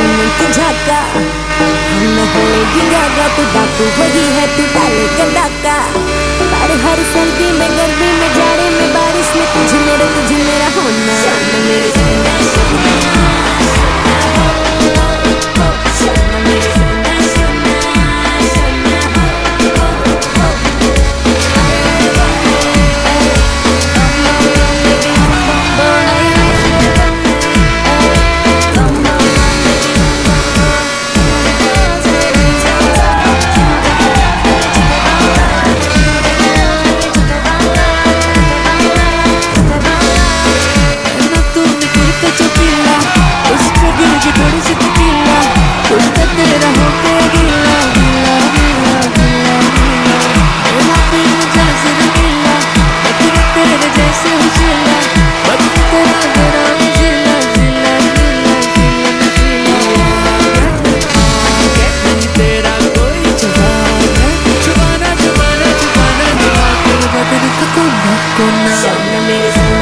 उनकी झाका हम होएगी गागा तू डाकू वही है तू डालेगा डाका पर हर सर्दी में Pero tú conozco